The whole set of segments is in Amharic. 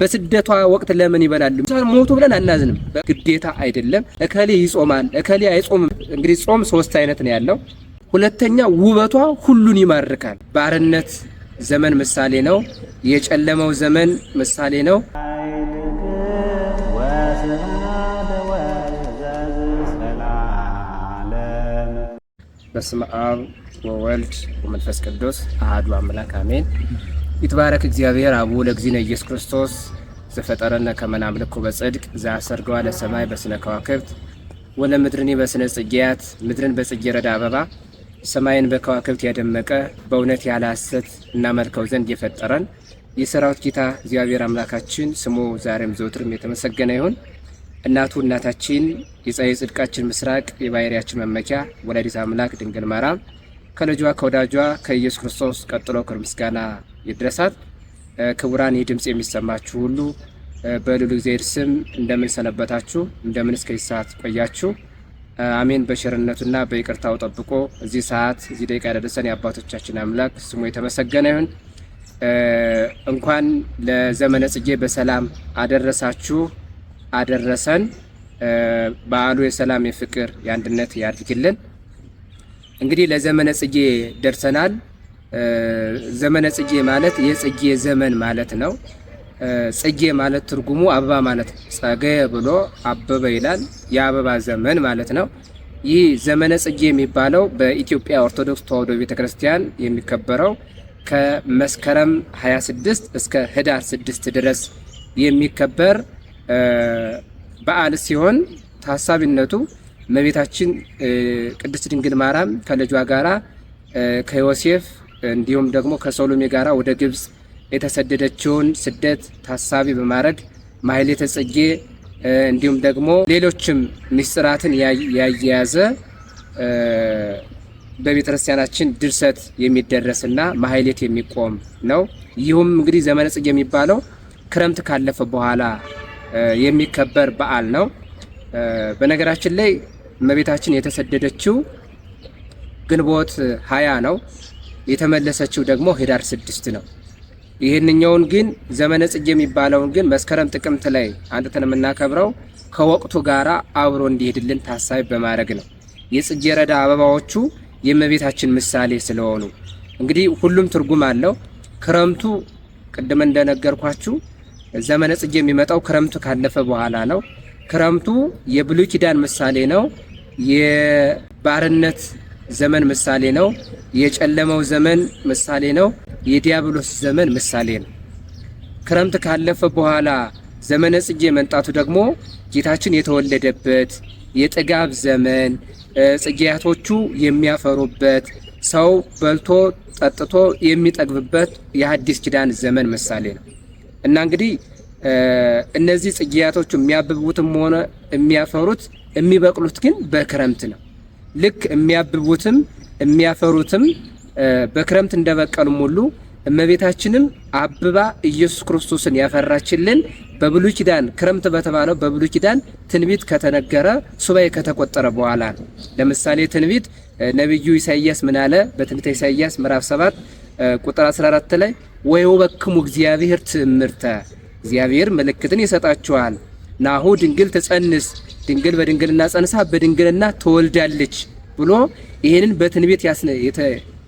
በስደቷ ወቅት ለምን ይበላል ሞቱ ብለን አናዝንም። ግዴታ አይደለም። እከሌ ይጾማል፣ እከሌ አይጾምም። እንግዲህ ጾም ሶስት አይነት ነው ያለው። ሁለተኛ ውበቷ ሁሉን ይማርካል። ባርነት ዘመን ምሳሌ ነው። የጨለመው ዘመን ምሳሌ ነው። በስመ አብ ወወልድ ወመንፈስ ቅዱስ አህዱ አምላክ አሜን። ይትባረክ እግዚአብሔር አቡ ለእግዚእነ ኢየሱስ ክርስቶስ ዘፈጠረነ ከመ አምልኮ በጽድቅ ዘአሰርገዋ ለሰማይ በስነ ከዋክብት ወለ ወለምድርኒ በስነ ጽጌያት ምድርን ረዳ አበባ ሰማይን በከዋክብት ያደመቀ በእውነት ያላሰት ሐሰት እናመልከው ዘንድ የፈጠረን የሰራዊት ጌታ እግዚአብሔር አምላካችን ስሙ ዛሬም ዘውትርም የተመሰገነ ይሁን። እናቱ እናታችን የፀሐይ ጽድቃችን ምስራቅ የባሕርያችን መመኪያ ወላዲተ አምላክ ድንግል ማርያም ከልጇ ከወዳጇ ከኢየሱስ ክርስቶስ ቀጥሎ ክብር ምስጋና ይድረሳት። ክቡራን ይህ ድምፅ የሚሰማችሁ ሁሉ በልዑል እግዚአብሔር ስም እንደምን ሰነበታችሁ? እንደምን እስከዚህ ሰዓት ቆያችሁ? አሜን። በቸርነቱና በይቅርታው ጠብቆ እዚህ ሰዓት እዚህ ደቂቃ ያደረሰን የአባቶቻችን አምላክ ስሙ የተመሰገነ ይሁን። እንኳን ለዘመነ ጽጌ በሰላም አደረሳችሁ አደረሰን። በዓሉ የሰላም የፍቅር፣ የአንድነት ያድርግልን። እንግዲህ ለዘመነ ጽጌ ደርሰናል። ዘመነ ጽጌ ማለት የጽጌ ዘመን ማለት ነው። ጽጌ ማለት ትርጉሙ አበባ ማለት ነው። ጸገ ብሎ አበበ ይላል። የአበባ ዘመን ማለት ነው። ይህ ዘመነ ጽጌ የሚባለው በኢትዮጵያ ኦርቶዶክስ ተዋህዶ ቤተክርስቲያን የሚከበረው ከመስከረም 26 እስከ ህዳር 6 ድረስ የሚከበር በዓል ሲሆን ታሳቢነቱ እመቤታችን ቅድስት ድንግል ማርያም ከልጇ ጋራ ከዮሴፍ እንዲሁም ደግሞ ከሰሎሜ ጋራ ወደ ግብፅ የተሰደደችውን ስደት ታሳቢ በማድረግ ማህሌተ ጽጌ እንዲሁም ደግሞ ሌሎችም ሚስጥራትን ያያያዘ በቤተክርስቲያናችን ድርሰት የሚደረስና ማህሌት የሚቆም ነው። ይሁም እንግዲህ ዘመነ ጽጌ የሚባለው ክረምት ካለፈ በኋላ የሚከበር በዓል ነው። በነገራችን ላይ እመቤታችን የተሰደደችው ግንቦት ሀያ ነው። የተመለሰችው ደግሞ ህዳር ስድስት ነው። ይህንኛውን ግን ዘመነ ጽጌ የሚባለውን ግን መስከረም ጥቅምት ላይ አንጥተን የምናከብረው ከወቅቱ ጋር አብሮ እንዲሄድልን ታሳቢ በማድረግ ነው። የጽጌ ረዳ አበባዎቹ የእመቤታችን ምሳሌ ስለሆኑ እንግዲህ ሁሉም ትርጉም አለው። ክረምቱ ቅድም እንደነገርኳችሁ ዘመነ ጽጌ የሚመጣው ክረምቱ ካለፈ በኋላ ነው። ክረምቱ የብሉይ ኪዳን ምሳሌ ነው። የባርነት ዘመን ምሳሌ ነው። የጨለመው ዘመን ምሳሌ ነው። የዲያብሎስ ዘመን ምሳሌ ነው። ክረምት ካለፈ በኋላ ዘመነ ጽጌ መንጣቱ ደግሞ ጌታችን የተወለደበት የጥጋብ ዘመን፣ ጽጌያቶቹ የሚያፈሩበት ሰው በልቶ ጠጥቶ የሚጠግብበት የሐዲስ ኪዳን ዘመን ምሳሌ ነው እና እንግዲህ እነዚህ ጽጌያቶቹ የሚያብቡትም ሆነ የሚያፈሩት የሚበቅሉት ግን በክረምት ነው። ልክ የሚያብቡትም የሚያፈሩትም በክረምት እንደበቀሉም ሁሉ እመቤታችንም አብባ ኢየሱስ ክርስቶስን ያፈራችልን በብሉይ ኪዳን ክረምት በተባለው በብሉይ ኪዳን ትንቢት ከተነገረ ሱባኤ ከተቆጠረ በኋላ ለምሳሌ ትንቢት ነቢዩ ኢሳይያስ ምን አለ? በትንቢተ ኢሳይያስ ምዕራፍ 7 ቁጥር 14 ላይ ወይወበክሙ እግዚአብሔር ትእምርተ፣ እግዚአብሔር ምልክትን ይሰጣችኋል ናሁ ድንግል ትጸንስ ድንግል በድንግልና ጸንሳ በድንግልና ትወልዳለች ብሎ ይህንን በትንቢት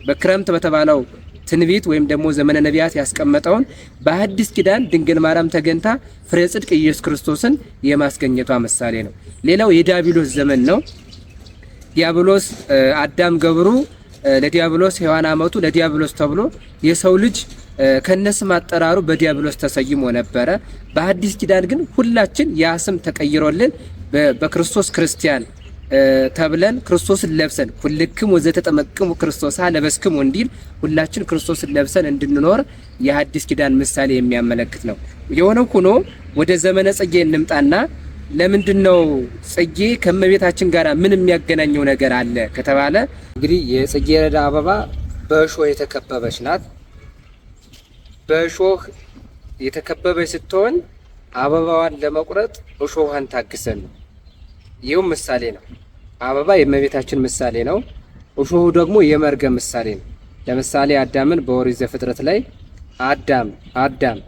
በክረምት በተባለው ትንቢት ወይም ደግሞ ዘመነ ነቢያት ያስቀመጠውን በአዲስ ኪዳን ድንግል ማርያም ተገኝታ ፍሬ ጽድቅ ኢየሱስ ክርስቶስን የማስገኘቷ ምሳሌ ነው። ሌላው የዲያብሎስ ዘመን ነው። ዲያብሎስ አዳም ገብሩ ለዲያብሎስ ሔዋን አመቱ ለዲያብሎስ ተብሎ የሰው ልጅ ከነስም አጠራሩ በዲያብሎስ ተሰይሞ ነበረ። በአዲስ ኪዳን ግን ሁላችን ያ ስም ተቀይሮልን በክርስቶስ ክርስቲያን ተብለን ክርስቶስን ለብሰን ሁልክም ወዘተጠመቅሙ ክርስቶስ ለበስክሙ እንዲል ሁላችን ክርስቶስን ለብሰን እንድንኖር የአዲስ ኪዳን ምሳሌ የሚያመለክት ነው። የሆነው ሆኖ ወደ ዘመነ ጽጌ እንምጣና ለምንድን ነው ጽጌ ከመቤታችን ጋር ምን የሚያገናኘው ነገር አለ ከተባለ እንግዲህ የጽጌረዳ አበባ በእሾህ የተከበበች ናት። በእሾህ የተከበበች ስትሆን አበባዋን ለመቁረጥ እሾሃን ታግሰን ነው። ይህም ምሳሌ ነው። አበባ የእመቤታችን ምሳሌ ነው። እሾሁ ደግሞ የመርገም ምሳሌ ነው። ለምሳሌ አዳምን በኦሪት ዘፍጥረት ላይ አዳም አዳም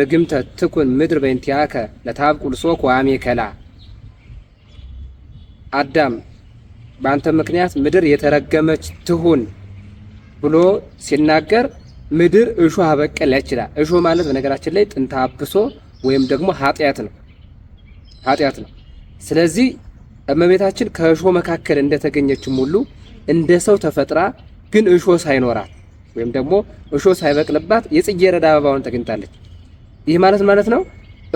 ርግምተ ትኩን ምድር በእንቲአከ ለታብቁል ሶክ ከላ አዳም በአንተ ምክንያት ምድር የተረገመች ትሁን ብሎ ሲናገር ምድር እሾህ አበቀለች ይላል። እሾህ ማለት በነገራችን ላይ ጥንተ አብሶ ወይም ደግሞ ኃጢአት ነው ኃጢአት ነው። ስለዚህ እመቤታችን ከእሾህ መካከል እንደተገኘችም ሁሉ እንደ ሰው ተፈጥራ ግን እሾህ ሳይኖራት ወይም ደግሞ እሾህ ሳይበቅልባት የጽጌረዳ አበባውን ተገኝታለች። ይህ ማለት ማለት ነው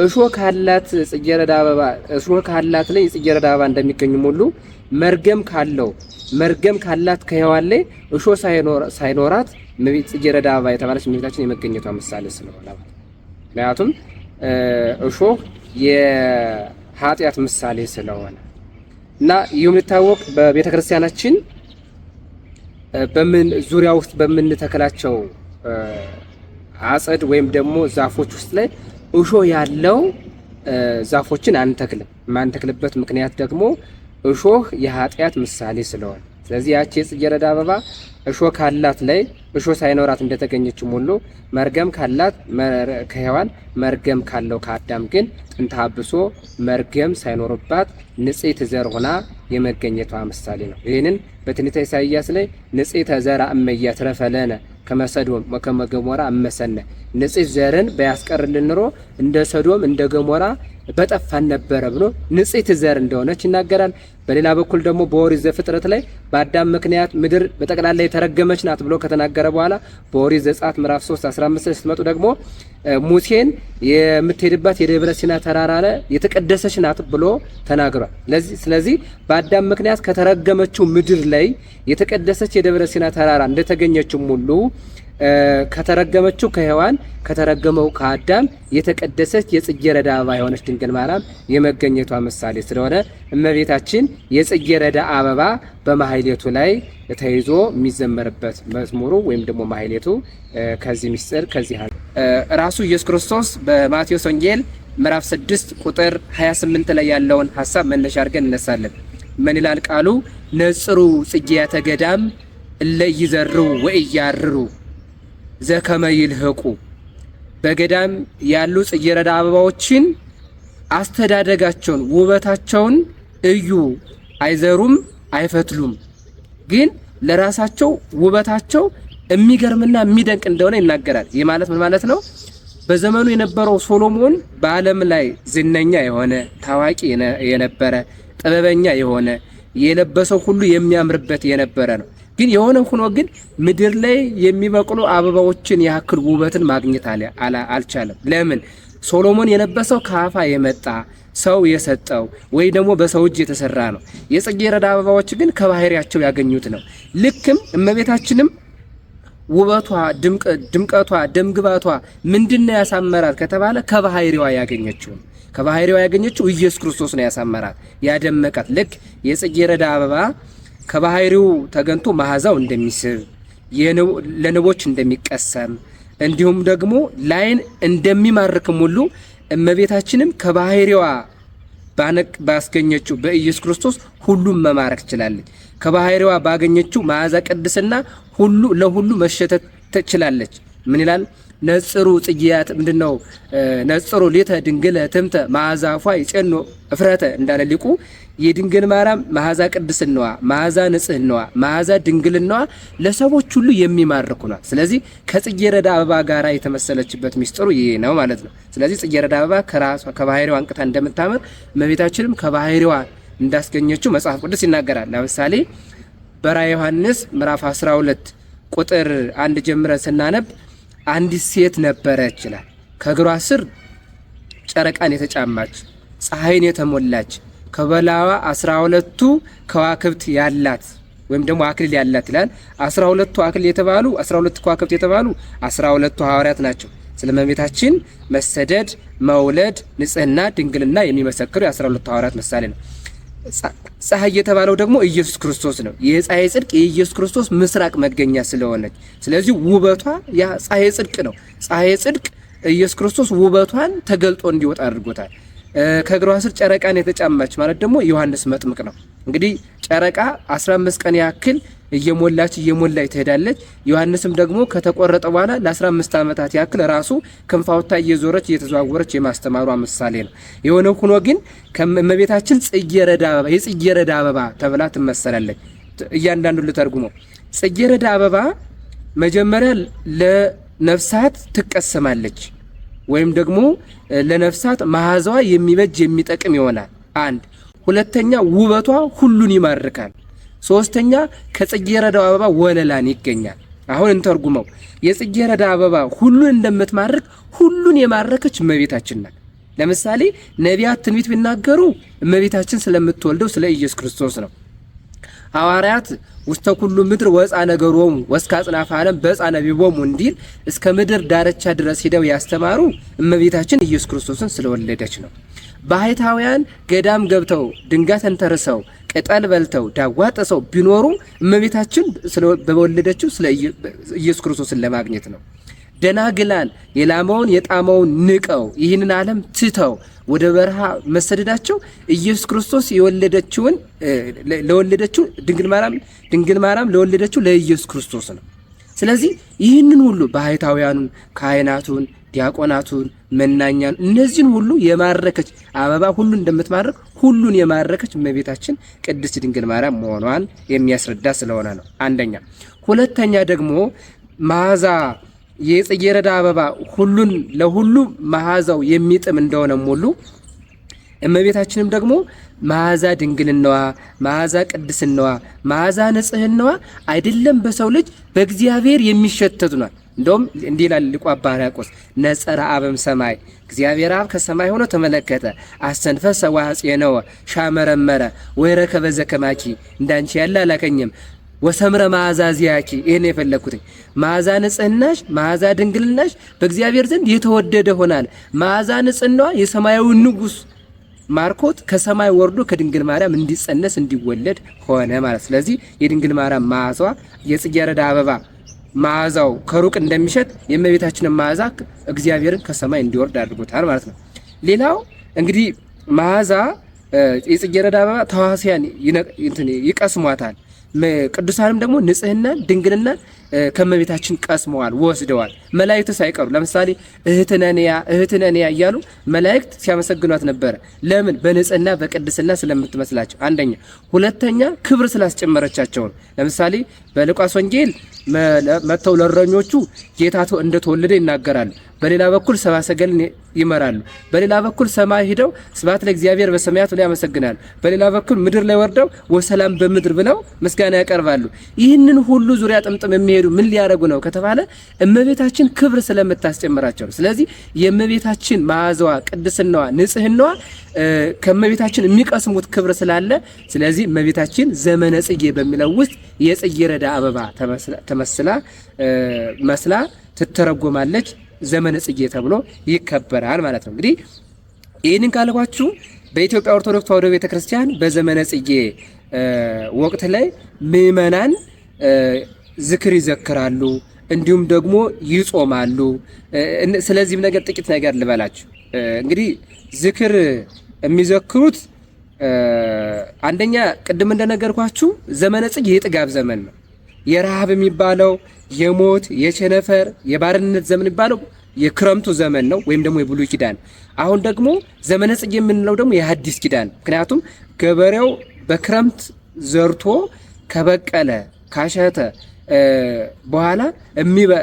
እሾህ ካላት ጽጌረዳ አበባ እሾህ ካላት ላይ የጽጌረዳ አበባ እንደሚገኝም ሁሉ መርገም ካለው መርገም ካላት ከሔዋን ላይ እሾህ ሳይኖራት ጽጌረዳ አበባ የተባለች እመቤታችን የመገኘቷ ምሳሌ ስለሆነ ምክንያቱም እሾህ የኃጢአት ምሳሌ ስለሆነ እና ይህም ሊታወቅ በቤተ ክርስቲያናችን በምን ዙሪያ ውስጥ በምንተክላቸው አጸድ ወይም ደግሞ ዛፎች ውስጥ ላይ እሾህ ያለው ዛፎችን አንተክልም። የማንተክልበት ምክንያት ደግሞ እሾህ የኃጢአት ምሳሌ ስለሆነ ስለዚህ ያቺ የጽጌረዳ አበባ እሾ ካላት ላይ እሾ ሳይኖራት እንደተገኘችም ሁሉ መርገም ካላት ከሔዋን መርገም ካለው ከአዳም ግን ጥንተ አብሶ መርገም ሳይኖርባት ንጽሕተ ዘር ሆና የመገኘቷ ምሳሌ ነው። ይህንን በትንቢተ ኢሳይያስ ላይ ንጽሕተ ዘርአ እመ ይትረፈ ለነ ከመ ሰዶም ወከመ ገሞራ እመሰነ ንጽሕ ዘርን ባያስቀርልን ኑሮ እንደ ሰዶም እንደ ገሞራ በጠፋን ነበረ ብሎ ንጽሕት ዘር እንደሆነች ይናገራል። በሌላ በኩል ደግሞ በኦሪት ዘፍጥረት ላይ በአዳም ምክንያት ምድር በጠቅላላ የተረገመች ናት ብሎ ከተናገረ በኋላ በኦሪት ዘጸአት ምዕራፍ 3 15 ስትመጡ ደግሞ ሙሴን የምትሄድባት የደብረ ሲና ተራራ የተቀደሰች ናት ብሎ ተናግሯል። ስለዚህ በአዳም ምክንያት ከተረገመችው ምድር ላይ የተቀደሰች የደብረ ሲና ተራራ እንደተገኘችም ሁሉ ከተረገመችው ከሔዋን ከተረገመው ከአዳም የተቀደሰች የጽጌረዳ አበባ የሆነች ድንግል ማርያም የመገኘቷ ምሳሌ ስለሆነ እመቤታችን የጽጌረዳ አበባ በማህሌቱ ላይ ተይዞ የሚዘመርበት መዝሙሩ ወይም ደግሞ ማህሌቱ ከዚህ ሚስጥር ከዚህ ራሱ ኢየሱስ ክርስቶስ በማቴዎስ ወንጌል ምዕራፍ 6 ቁጥር 28 ላይ ያለውን ሀሳብ መነሻ አድርገን እነሳለን። ምን ይላል ቃሉ? ነጽሩ ጽጌያተ ገዳም እለ ይዘሩ ወእያርሩ ዘከመ ይልህቁ በገዳም ያሉ ጽጌረዳ አበባዎችን አስተዳደጋቸውን፣ ውበታቸውን እዩ። አይዘሩም፣ አይፈትሉም። ግን ለራሳቸው ውበታቸው የሚገርምና የሚደንቅ እንደሆነ ይናገራል። ይህ ማለት ምን ማለት ነው? በዘመኑ የነበረው ሶሎሞን በዓለም ላይ ዝነኛ የሆነ ታዋቂ የነበረ ጥበበኛ የሆነ የለበሰው ሁሉ የሚያምርበት የነበረ ነው። ግን የሆነ ሆኖ ግን ምድር ላይ የሚበቅሉ አበባዎችን ያክል ውበትን ማግኘት አልቻለም። ለምን? ሶሎሞን የለበሰው ከአፋ የመጣ ሰው የሰጠው ወይ ደግሞ በሰው እጅ የተሰራ ነው። የጽጌረዳ አበባዎች ግን ከባህሪያቸው ያገኙት ነው። ልክም እመቤታችንም ውበቷ ድምቀቷ ደምግባቷ ምንድነው ያሳመራት ከተባለ ከባህሪዋ ያገኘችው ነው። ከባህሪዋ ያገኘችው ኢየሱስ ክርስቶስ ነው ያሳመራት ያደመቃት ልክ የጽጌረዳ አበባ ከባህሪው ተገንቶ መዓዛው እንደሚስብ ለንቦች እንደሚቀሰም እንዲሁም ደግሞ ላይን እንደሚማርክም ሁሉ እመቤታችንም ከባህሪዋ ባስገኘችው በኢየሱስ ክርስቶስ ሁሉም መማረክ ችላለች። ከባህሪዋ ባገኘችው መዓዛ ቅድስና ሁሉ ለሁሉ መሸተት ትችላለች። ምን ይላል? ነጽሩ ጽጌያት ምንድን ነው? ነጽሩ ሊተ ድንግለ ትምተ ማዛ ፏ ይጨኖ እፍረተ እንዳለ ሊቁ የድንግል ማርያም ማዕዛ ቅድስናዋ፣ ማዕዛ ንጽህናዋ፣ ማዕዛ ድንግልናዋ ለሰዎች ሁሉ የሚማርኩ ናት። ስለዚህ ከጽጌረዳ አበባ ጋራ የተመሰለችበት ሚስጥሩ ይሄ ነው ማለት ነው። ስለዚህ ጽጌረዳ አበባ ከራሷ ከባህሪዋ አንቅታ እንደምታምር እመቤታችንም ከባህሪዋ እንዳስገኘችው መጽሐፍ ቅዱስ ይናገራል። ለምሳሌ በራ ዮሐንስ ምዕራፍ 12 ቁጥር አንድ ጀምረን ስናነብ አንዲት ሴት ነበረች ይችላል ከእግሯ ስር ጨረቃን የተጫማች ፀሐይን የተሞላች ከበላዋ አስራ ሁለቱ ከዋክብት ያላት ወይም ደግሞ አክሊል ያላት ይላል። አስራ ሁለቱ አክሊል የተባሉ አስራ ሁለቱ ከዋክብት የተባሉ አስራ ሁለቱ ሐዋርያት ናቸው። ስለ እመቤታችን መሰደድ፣ መውለድ፣ ንጽህና፣ ድንግልና የሚመሰክሩ የአስራ ሁለቱ ሐዋርያት ምሳሌ ነው። ፀሐይ የተባለው ደግሞ ኢየሱስ ክርስቶስ ነው። የፀሐይ ጽድቅ የኢየሱስ ክርስቶስ ምስራቅ መገኛ ስለሆነች፣ ስለዚህ ውበቷ ያ ፀሐይ ጽድቅ ነው። ፀሐይ ጽድቅ ኢየሱስ ክርስቶስ ውበቷን ተገልጦ እንዲወጣ አድርጎታል። ከእግሯ ስር ጨረቃን የተጫማች ማለት ደግሞ ዮሐንስ መጥምቅ ነው። እንግዲህ ጨረቃ 15 ቀን ያክል እየሞላች እየሞላች ትሄዳለች። ዮሐንስም ደግሞ ከተቆረጠ በኋላ ለ15 ዓመታት ያክል ራሱ ክንፋውታ እየዞረች እየተዘዋወረች የማስተማሯ ምሳሌ ነው። የሆነ ሁኖ ግን እመቤታችን ጽጌረዳ አበባ የጽጌረዳ አበባ ተብላ ትመሰላለች። እያንዳንዱ ልተርጉመው። ጽጌረዳ አበባ መጀመሪያ ለነፍሳት ትቀሰማለች ወይም ደግሞ ለነፍሳት መዓዛዋ የሚበጅ የሚጠቅም ይሆናል። አንድ ሁለተኛ ውበቷ ሁሉን ይማርካል። ሶስተኛ ከጽጌረዳው አበባ ወለላን ይገኛል። አሁን እንተርጉመው። የጽጌረዳ አበባ ሁሉን እንደምትማርክ ሁሉን የማረከች እመቤታችን ናት። ለምሳሌ ነቢያት ትንቢት ቢናገሩ እመቤታችን ስለምትወልደው ስለ ኢየሱስ ክርስቶስ ነው። ሐዋርያት ውስተ ኩሉ ምድር ወፃ ነገሮሙ ወስከ አጽናፈ ዓለም በፃ ነቢቦሙ እንዲል እስከ ምድር ዳርቻ ድረስ ሂደው ያስተማሩ እመቤታችን ኢየሱስ ክርስቶስን ስለወለደች ነው። ባህታውያን ገዳም ገብተው ድንጋይ ተንተርሰው ቅጠል በልተው ዳዋ ጥሰው ቢኖሩ እመቤታችን በወለደችው ስለ ኢየሱስ ክርስቶስን ለማግኘት ነው። ደናግላን የላመውን የጣመውን ንቀው ይህንን ዓለም ትተው ወደ በረሃ መሰደዳቸው ኢየሱስ ክርስቶስ የወለደችውን ለወለደችው ድንግል ማርያም ድንግል ማርያም ለወለደችው ለኢየሱስ ክርስቶስ ነው። ስለዚህ ይህንን ሁሉ ባህታውያኑን፣ ካህናቱን፣ ዲያቆናቱን፣ መናኛን እነዚህን ሁሉ የማረከች አበባ ሁሉን እንደምትማረክ ሁሉን የማረከች እመቤታችን ቅድስት ድንግል ማርያም መሆኗን የሚያስረዳ ስለሆነ ነው። አንደኛ። ሁለተኛ ደግሞ መዓዛ የጽጌረዳ አበባ ሁሉን ለሁሉ መዓዛው የሚጥም እንደሆነ ሙሉ እመቤታችንም ደግሞ መዓዛ ድንግልናዋ፣ መዓዛ ቅድስናዋ፣ መዓዛ ንጽህናዋ አይደለም በሰው ልጅ በእግዚአብሔር የሚሸተቱ ናል። እንደውም እንዲህ ይላል ሊቁ አባ ሕርያቆስ ነጸረ አብም ሰማይ እግዚአብሔር አብ ከሰማይ ሆኖ ተመለከተ፣ አስተንፈሰ ዋጽየ ነወ ሻመረመረ ወይረከበ ዘከማኪ እንዳንቺ ያለ አላከኝም ወሰምረ መዓዛ ዚያኪ ይሄን የፈለኩት መዓዛ ንጽህናሽ፣ መዓዛ ድንግልናሽ በእግዚአብሔር ዘንድ የተወደደ ሆናል። መዓዛ ንጽህናዋ የሰማያዊ ንጉስ ማርኮት ከሰማይ ወርዶ ከድንግል ማርያም እንዲጸነስ እንዲወለድ ሆነ ማለት። ስለዚህ የድንግል ማርያም መዓዛዋ የጽጌረዳ አበባ መዓዛው ከሩቅ እንደሚሸት የእመቤታችንን መዓዛ እግዚአብሔርን ከሰማይ እንዲወርድ አድርጎታል ማለት ነው። ሌላው እንግዲህ መዓዛ የጽጌረዳ አበባ ተዋሲያን ይቀስሟታል። ቅዱሳንም ደግሞ ንጽህናን ድንግልናን ከመቤታችን ቀስመዋል ወስደዋል። መላእክት ሳይቀሩ ለምሳሌ እህትነንያ እህትነንያ እያሉ መላእክት ሲያመሰግኗት ነበረ። ለምን? በንጽህና በቅድስና ስለምትመስላቸው አንደኛ። ሁለተኛ ክብር ስላስጨመረቻቸው ነው። ለምሳሌ በሉቃስ ወንጌል መጥተው ለእረኞቹ ጌታ እንደተወለደ ይናገራሉ። በሌላ በኩል ሰብአ ሰገልን ይመራሉ። በሌላ በኩል ሰማይ ሂደው ስብሐት ለእግዚአብሔር በሰማያት ላይ ያመሰግናል። በሌላ በኩል ምድር ላይ ወርደው ወሰላም በምድር ብለው ምስጋና ያቀርባሉ። ይህንን ሁሉ ዙሪያ ጥምጥም የሚሄዱ ምን ሊያደርጉ ነው ከተባለ እመቤታችን ክብር ስለምታስጨምራቸው ስለዚህ የእመቤታችን መዓዛዋ፣ ቅድስናዋ፣ ንጽህናዋ ከእመቤታችን የሚቀስሙት ክብር ስላለ ስለዚህ እመቤታችን ዘመነ ጽጌ በሚለው ውስጥ የጽጌረዳ የበረዳ አበባ ተመስላ መስላ ትተረጎማለች። ዘመነ ጽጌ ተብሎ ይከበራል ማለት ነው። እንግዲህ ይህንን ካልኳችሁ በኢትዮጵያ ኦርቶዶክስ ተዋሕዶ ቤተክርስቲያን በዘመነ ጽጌ ወቅት ላይ ምእመናን ዝክር ይዘክራሉ፣ እንዲሁም ደግሞ ይጾማሉ። ስለዚህም ነገር ጥቂት ነገር ልበላችሁ። እንግዲህ ዝክር የሚዘክሩት አንደኛ ቅድም እንደነገርኳችሁ ዘመነ ጽጌ የጥጋብ ዘመን ነው። የረሃብ የሚባለው የሞት የቸነፈር የባርነት ዘመን የሚባለው የክረምቱ ዘመን ነው፣ ወይም ደግሞ የብሉይ ኪዳን። አሁን ደግሞ ዘመነ ጽጌ የምንለው ደግሞ የሐዲስ ኪዳን። ምክንያቱም ገበሬው በክረምት ዘርቶ ከበቀለ ካሸተ በኋላ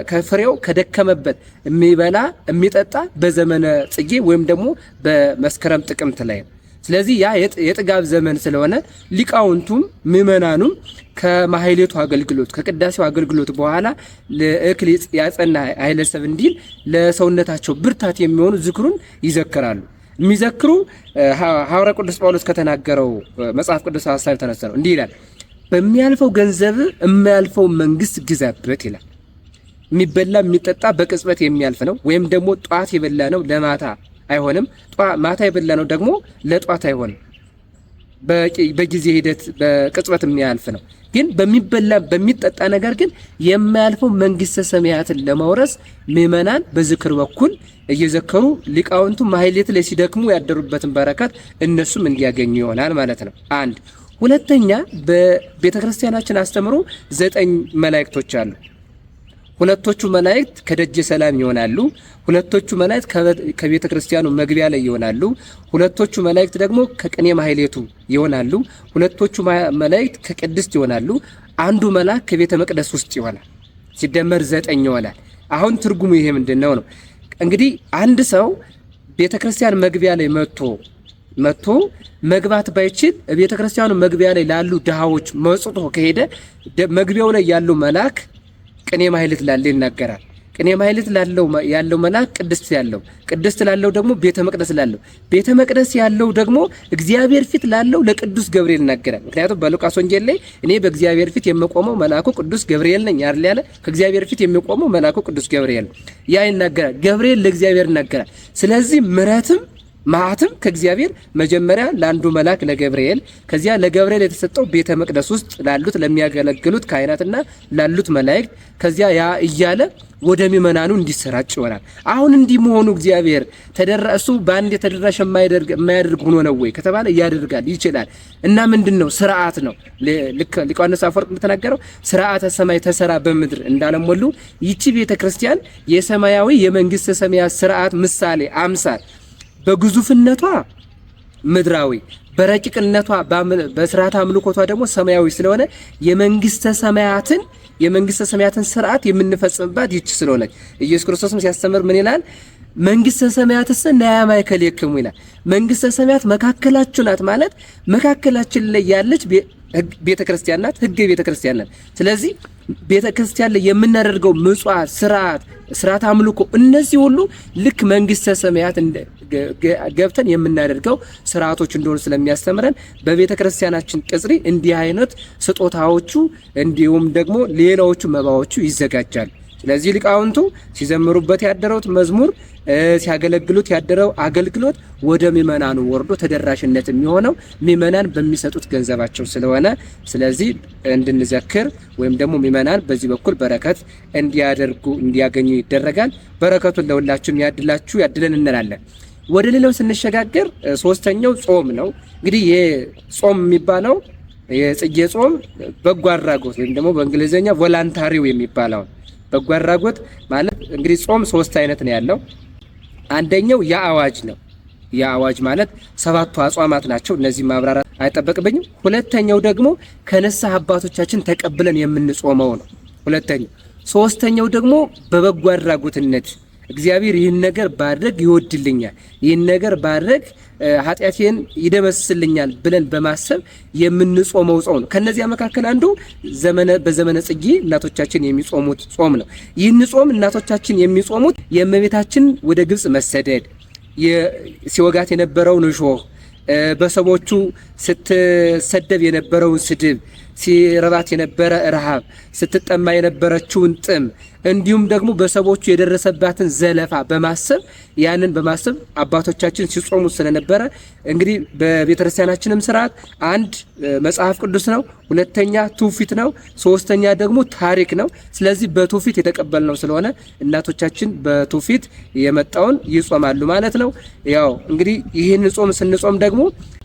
ከፍሬው ከደከመበት የሚበላ የሚጠጣ በዘመነ ጽጌ ወይም ደግሞ በመስከረም ጥቅምት ላይ ስለዚህ ያ የጥጋብ ዘመን ስለሆነ ሊቃውንቱም ምእመናኑም ከማህሌቱ አገልግሎት ከቅዳሴው አገልግሎት በኋላ ለእክሊጽ ያጸና ኃይለሰብ እንዲል ለሰውነታቸው ብርታት የሚሆኑ ዝክሩን ይዘክራሉ። የሚዘክሩ ሐዋርያ ቅዱስ ጳውሎስ ከተናገረው መጽሐፍ ቅዱስ ሀሳብ ተነሰ ነው። እንዲህ ይላል፣ በሚያልፈው ገንዘብ የማያልፈው መንግስት ግዛበት ይላል። የሚበላ የሚጠጣ በቅጽበት የሚያልፍ ነው፣ ወይም ደግሞ ጠዋት የበላ ነው ለማታ አይሆንም። ማታ የበላነው ደግሞ ለጧት አይሆንም። በጊዜ ሂደት በቅጽበት የሚያልፍ ነው። ግን በሚበላ በሚጠጣ ነገር ግን የማያልፈው መንግስተ ሰማያትን ለማውረስ ምእመናን በዝክር በኩል እየዘከሩ ሊቃውንቱ ማህሌት ላይ ሲደክሙ ያደሩበትን በረከት እነሱም እንዲያገኙ ይሆናል ማለት ነው። አንድ ሁለተኛ በቤተክርስቲያናችን አስተምሮ ዘጠኝ መላእክቶች አሉ። ሁለቶቹ መላእክት ከደጀ ሰላም ይሆናሉ። ሁለቶቹ መላእክት ከቤተ ክርስቲያኑ መግቢያ ላይ ይሆናሉ። ሁለቶቹ መላእክት ደግሞ ከቅኔ ማህሌቱ ይሆናሉ። ሁለቶቹ መላእክት ከቅድስት ይሆናሉ። አንዱ መልአክ ከቤተ መቅደስ ውስጥ ይሆናል። ሲደመር ዘጠኝ ይሆናል። አሁን ትርጉሙ ይሄ ምንድነው ነው? እንግዲህ አንድ ሰው ቤተ ክርስቲያን መግቢያ ላይ መጥቶ መጥቶ መግባት ባይችል ቤተ ክርስቲያኑ መግቢያ ላይ ላሉ ድሃዎች መጽጦ ከሄደ መግቢያው ላይ ያለው መልአክ ቅኔ ማህሌት ላለ ይናገራል። ቅኔ ማህሌት ላለው ያለው መልአክ ቅድስት ያለው ቅድስት ላለው ደግሞ ቤተ መቅደስ ላለው ቤተ መቅደስ ያለው ደግሞ እግዚአብሔር ፊት ላለው ለቅዱስ ገብርኤል ይናገራል። ምክንያቱም በሉቃስ ወንጌል ላይ እኔ በእግዚአብሔር ፊት የምቆመው መልአኩ ቅዱስ ገብርኤል ነኝ አይደል ያለ። ከእግዚአብሔር ፊት የሚቆመው መልአኩ ቅዱስ ገብርኤል ያ ይናገራል። ገብርኤል ለእግዚአብሔር ይናገራል። ስለዚህ ምሕረትም ማህተም ከእግዚአብሔር መጀመሪያ ለአንዱ መልአክ ለገብርኤል ከዚያ ለገብርኤል የተሰጠው ቤተ መቅደስ ውስጥ ላሉት ለሚያገለግሉት ካህናትና ላሉት መላእክት ከዚያ ያ እያለ ወደ ምእመናኑ እንዲሰራጭ ይሆናል። አሁን እንዲህ መሆኑ እግዚአብሔር እሱ በአንድ የተደራሽ የማያደርግ ሆኖ ነው ወይ ከተባለ ያደርጋል፣ ይችላል። እና ምንድን ነው ስርዓት ነው። ሊቃነ አፈወርቅ እንደተናገረው ስርዓተ ሰማይ ተሰራ በምድር እንዳለሞሉ ሁሉ ይቺ ቤተክርስቲያን የሰማያዊ የመንግስተ ሰማያት ስርዓት ምሳሌ አምሳል በግዙፍነቷ ምድራዊ በረቂቅነቷ በስርዓት አምልኮቷ ደግሞ ሰማያዊ ስለሆነ የመንግስተ ሰማያትን የመንግስተ ሰማያትን ስርዓት የምንፈጽምባት ይች ስለሆነች ኢየሱስ ክርስቶስም ሲያስተምር ምን ይላል? መንግስተ ሰማያትስ ናያ ማእከልክሙ ይላል። መንግስተ ሰማያት መካከላችሁ ናት ማለት መካከላችን ላይ ያለች ቤተ ክርስቲያን ናት፣ ህገ ቤተ ክርስቲያን ናት። ስለዚህ ቤተ ክርስቲያን ላይ የምናደርገው ምጽዋት፣ ስርዓት፣ ስርዓት አምልኮ እነዚህ ሁሉ ልክ መንግስተ ሰማያት ገብተን የምናደርገው ስርዓቶች እንደሆኑ ስለሚያስተምረን በቤተ ክርስቲያናችን ቅጽሪ እንዲህ አይነት ስጦታዎቹ እንዲሁም ደግሞ ሌላዎቹ መባዎቹ ይዘጋጃል። ስለዚህ ሊቃውንቱ ሲዘምሩበት ያደረውት መዝሙር ሲያገለግሉት ያደረው አገልግሎት ወደ ምእመናኑ ወርዶ ተደራሽነት የሚሆነው ምእመናን በሚሰጡት ገንዘባቸው ስለሆነ ስለዚህ እንድንዘክር ወይም ደግሞ ምእመናን በዚህ በኩል በረከት እንዲያደርጉ እንዲያገኙ ይደረጋል። በረከቱን ለሁላችሁም ያድላችሁ ያድለን እንላለን። ወደ ሌላው ስንሸጋገር ሶስተኛው ጾም ነው። እንግዲህ ጾም የሚባለው የጽጌ ጾም በጎ አድራጎት ወይም ደግሞ በእንግሊዝኛ ቮላንታሪው የሚባለው። በጎ አድራጎት ማለት እንግዲህ ጾም ሶስት አይነት ነው ያለው። አንደኛው የአዋጅ ነው። የአዋጅ ማለት ሰባቱ አጽዋማት ናቸው። እነዚህ ማብራራት አይጠበቅብኝም። ሁለተኛው ደግሞ ከነሳ አባቶቻችን ተቀብለን የምንጾመው ነው። ሁለተኛው ሶስተኛው ደግሞ በበጎ አድራጎትነት እግዚአብሔር ይህን ነገር ባድረግ ይወድልኛል፣ ይህን ነገር ባድረግ ኃጢአቴን ይደመስስልኛል ብለን በማሰብ የምንጾመው ጾም ነው። ከነዚያ መካከል አንዱ ዘመነ በዘመነ ጽጌ እናቶቻችን የሚጾሙት ጾም ነው። ይህን ጾም እናቶቻችን የሚጾሙት የእመቤታችን ወደ ግብፅ መሰደድ ሲወጋት የነበረውን እሾህ በሰዎቹ ስትሰደብ የነበረውን ስድብ፣ ሲረባት የነበረ ረሃብ፣ ስትጠማ የነበረችውን ጥም እንዲሁም ደግሞ በሰዎቹ የደረሰባትን ዘለፋ በማሰብ ያንን በማሰብ አባቶቻችን ሲጾሙ ስለነበረ እንግዲህ በቤተክርስቲያናችንም ስርዓት አንድ መጽሐፍ ቅዱስ ነው፣ ሁለተኛ ትውፊት ነው፣ ሶስተኛ ደግሞ ታሪክ ነው። ስለዚህ በትውፊት የተቀበልነው ስለሆነ እናቶቻችን በትውፊት የመጣውን ይጾማሉ ማለት ነው። ያው እንግዲህ ይህን ጾም ስንጾም ደግሞ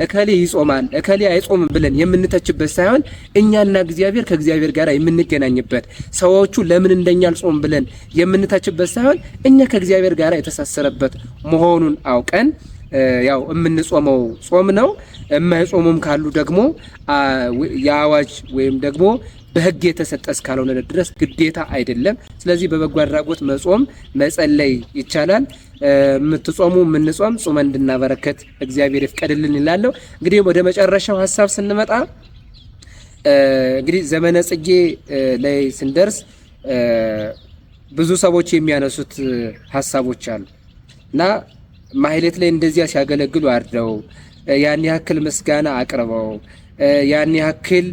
እከሌ ይጾማል እከሌ አይጾምም ብለን የምንተችበት ሳይሆን እኛና እግዚአብሔር ከእግዚአብሔር ጋር የምንገናኝበት ሰዎቹ ለምን እንደኛ አልጾም ቆም ብለን የምንተችበት ሳይሆን እኛ ከእግዚአብሔር ጋር የተሳሰረበት መሆኑን አውቀን ያው የምንጾመው ጾም ነው። የማይጾሙም ካሉ ደግሞ የአዋጅ ወይም ደግሞ በሕግ የተሰጠ እስካልሆነ ድረስ ግዴታ አይደለም። ስለዚህ በበጎ አድራጎት መጾም መጸለይ ይቻላል። የምትጾሙ የምንጾም ጾመን እንድናበረከት እግዚአብሔር ይፍቀድልን ይላለሁ። እንግዲህ ወደ መጨረሻው ሀሳብ ስንመጣ እንግዲህ ዘመነ ጽጌ ላይ ስንደርስ ብዙ ሰዎች የሚያነሱት ሀሳቦች አሉ እና ማህሌት ላይ እንደዚያ ሲያገለግሉ አድረው ያን ያክል ምስጋና አቅርበው ያን ያክል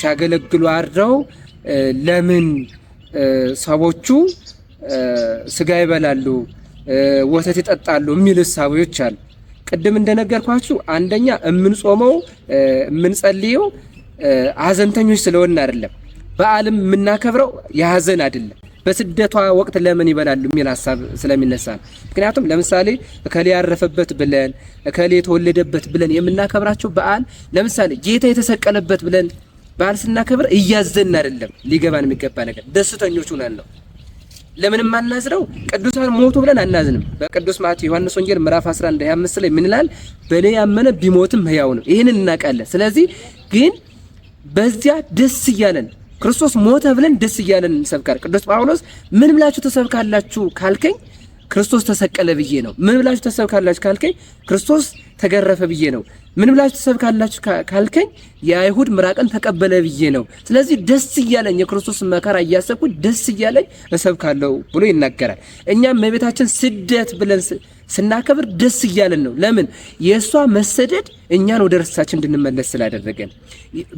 ሲያገለግሉ አድረው ለምን ሰዎቹ ስጋ ይበላሉ፣ ወተት ይጠጣሉ የሚል ሀሳቦች አሉ። ቅድም እንደነገርኳችሁ አንደኛ የምንጾመው የምንጸልየው ሀዘንተኞች ስለሆን አይደለም። በዓልም የምናከብረው የሀዘን አይደለም። በስደቷ ወቅት ለምን ይበላሉ የሚል ሀሳብ ስለሚነሳ ነው። ምክንያቱም ለምሳሌ እከሌ ያረፈበት ብለን እከሌ የተወለደበት ብለን የምናከብራቸው በዓል ለምሳሌ ጌታ የተሰቀለበት ብለን በዓል ስናከብር እያዘን አይደለም። ሊገባን የሚገባ ነገር ደስተኞች ሆነን ነው። ለምንም አናዝነው ቅዱሳን ሞቱ ብለን አናዝንም። በቅዱስ ማቴዎስ ዮሐንስ ወንጌል ምዕራፍ 11 25 ላይ ምን ይላል? በእኔ ያመነ ቢሞትም ሕያው ነው። ይህንን እናውቃለን። ስለዚህ ግን በዚያ ደስ እያለን ክርስቶስ ሞተ ብለን ደስ እያለን እንሰብካለን። ቅዱስ ጳውሎስ ምን ብላችሁ ተሰብካላችሁ ካልከኝ ክርስቶስ ተሰቀለ ብዬ ነው። ምን ብላችሁ ተሰብካላችሁ ካልከኝ ክርስቶስ ተገረፈ ብዬ ነው። ምን ብላችሁ ተሰብካላችሁ ካልከኝ የአይሁድ ምራቅን ተቀበለ ብዬ ነው። ስለዚህ ደስ እያለኝ የክርስቶስን መከራ እያሰብኩ ደስ እያለኝ እሰብካለሁ ብሎ ይናገራል። እኛም መቤታችን ስደት ብለን ስናከብር ደስ እያለን ነው። ለምን? የእሷ መሰደድ እኛን ወደ ርሳችን እንድንመለስ ስላደረገን፣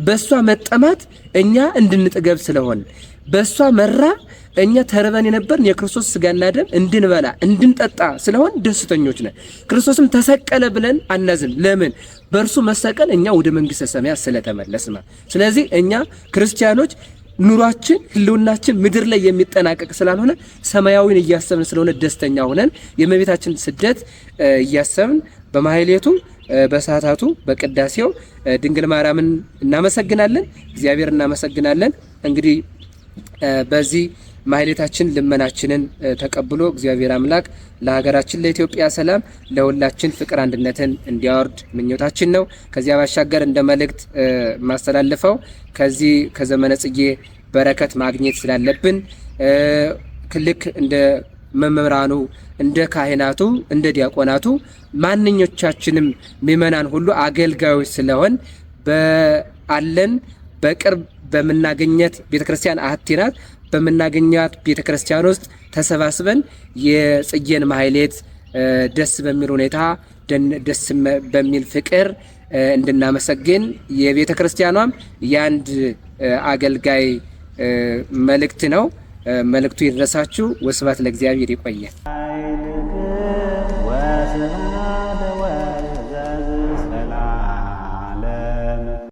በእሷ መጠማት እኛ እንድንጥገብ ስለሆን በእሷ መራ እኛ ተርበን የነበርን የክርስቶስ ስጋና ደም እንድንበላ እንድንጠጣ ስለሆን ደስተኞች ነን። ክርስቶስም ተሰቀለ ብለን አናዝን። ለምን? በእርሱ መሰቀል እኛ ወደ መንግሥተ ሰማያት ነው። ስለዚህ እኛ ክርስቲያኖች ኑሯችን ህልውናችን ምድር ላይ የሚጠናቀቅ ስላልሆነ ሰማያዊን እያሰብን ስለሆነ ደስተኛ ሆነን የእመቤታችን ስደት እያሰብን በማህሌቱ በሰዓታቱ በቅዳሴው ድንግል ማርያምን እናመሰግናለን፣ እግዚአብሔር እናመሰግናለን። እንግዲህ በዚህ ማህሌታችን ልመናችንን ተቀብሎ እግዚአብሔር አምላክ ለሀገራችን ለኢትዮጵያ ሰላም፣ ለሁላችን ፍቅር፣ አንድነትን እንዲያወርድ ምኞታችን ነው። ከዚያ ባሻገር እንደ መልእክት ማስተላልፈው ከዚህ ከዘመነ ጽጌ በረከት ማግኘት ስላለብን ክልክ እንደ መምህራኑ እንደ ካህናቱ እንደ ዲያቆናቱ ማንኞቻችንም ምእመናን ሁሉ አገልጋዮች ስለሆን በአለን በቅርብ በምናገኘት ቤተክርስቲያን አሐቲ ናት። በምናገኛት ቤተክርስቲያን ውስጥ ተሰባስበን የጽጌን ማህሌት ደስ በሚል ሁኔታ ደስ በሚል ፍቅር እንድናመሰግን የቤተክርስቲያኗም የአንድ አገልጋይ መልእክት ነው። መልእክቱ ይድረሳችሁ። ወስብሐት ለእግዚአብሔር። ይቆያል።